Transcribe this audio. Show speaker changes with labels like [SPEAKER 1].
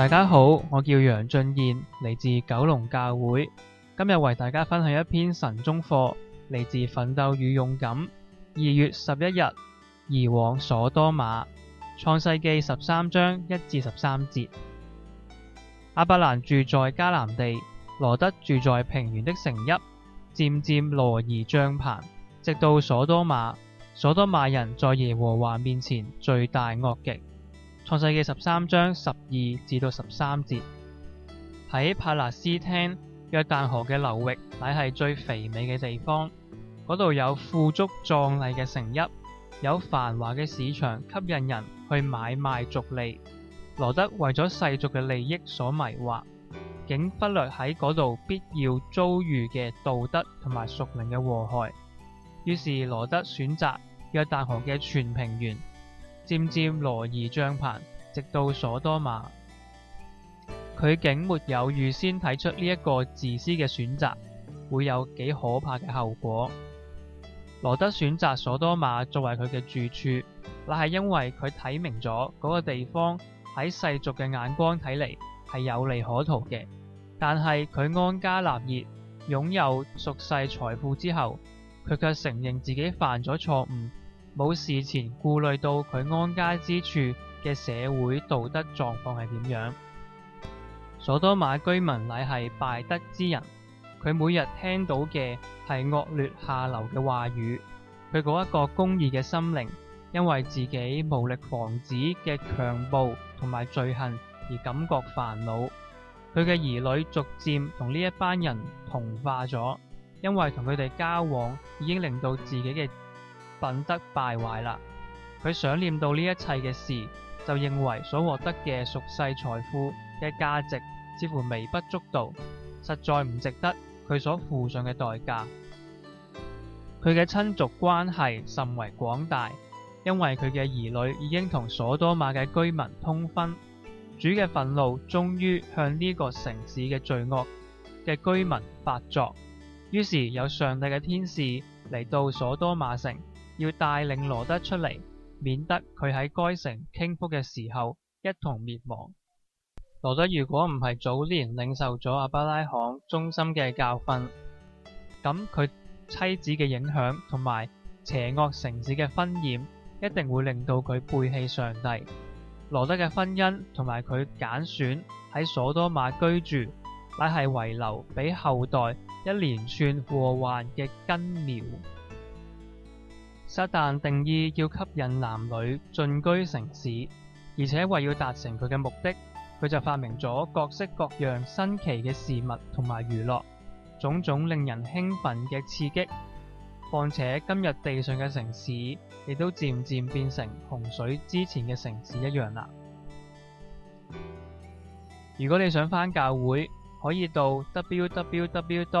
[SPEAKER 1] 大家好，我叫楊俊彥，嚟自九龍教會。今日為大家分享一篇神中課，嚟自《奮鬥與勇敢》。二月十一日，移往所多瑪，創世紀十三章一至十三節。亞伯蘭住在迦南地，羅得住在平原的城邑，漸漸挪移帳棚，直到所多瑪。所多瑪人在耶和華面前罪大惡極。創世記十三章十二至到十三節，喺帕納斯汀約旦河嘅流域，乃係最肥美嘅地方。嗰度有富足壯麗嘅城邑，有繁華嘅市場，吸引人去買賣逐利。羅德為咗世俗嘅利益所迷惑，竟忽略喺嗰度必要遭遇嘅道德同埋屬靈嘅禍害。於是羅德選擇約旦河嘅全平原。漸漸挪移帳篷，直到所多瑪。佢竟沒有預先睇出呢一個自私嘅選擇會有幾可怕嘅後果。羅德選擇所多瑪作為佢嘅住處，那係因為佢睇明咗嗰個地方喺世俗嘅眼光睇嚟係有利可圖嘅。但係佢安家立業，擁有俗世財富之後，佢卻承認自己犯咗錯誤。冇事前顧慮到佢安家之處嘅社會道德狀況係點樣？所多瑪居民乃係敗德之人，佢每日聽到嘅係惡劣下流嘅話語。佢嗰一個公義嘅心靈，因為自己無力防止嘅強暴同埋罪行而感覺煩惱。佢嘅兒女逐漸同呢一班人同化咗，因為同佢哋交往已經令到自己嘅品德敗壞啦，佢想念到呢一切嘅事，就認為所獲得嘅屬世財富嘅價值似乎微不足道，實在唔值得佢所付上嘅代價。佢嘅親族關係甚為廣大，因為佢嘅兒女已經同所多瑪嘅居民通婚。主嘅憤怒終於向呢個城市嘅罪惡嘅居民發作，於是有上帝嘅天使嚟到所多瑪城。要帶領羅德出嚟，免得佢喺該城傾覆嘅時候一同滅亡。羅德如果唔係早年領受咗亞伯拉罕忠心嘅教訓，咁佢妻子嘅影響同埋邪惡城市嘅薰染，一定會令到佢背棄上帝。羅德嘅婚姻同埋佢揀選喺所多瑪居住，乃係遺留俾後代一連串禍患嘅根苗。撒但定意要吸引男女進居城市，而且為要達成佢嘅目的，佢就發明咗各式各樣新奇嘅事物同埋娛樂，種種令人興奮嘅刺激。況且今日地上嘅城市亦都漸漸變成洪水之前嘅城市一樣啦。如果你想返教會，可以到 www.hkmc。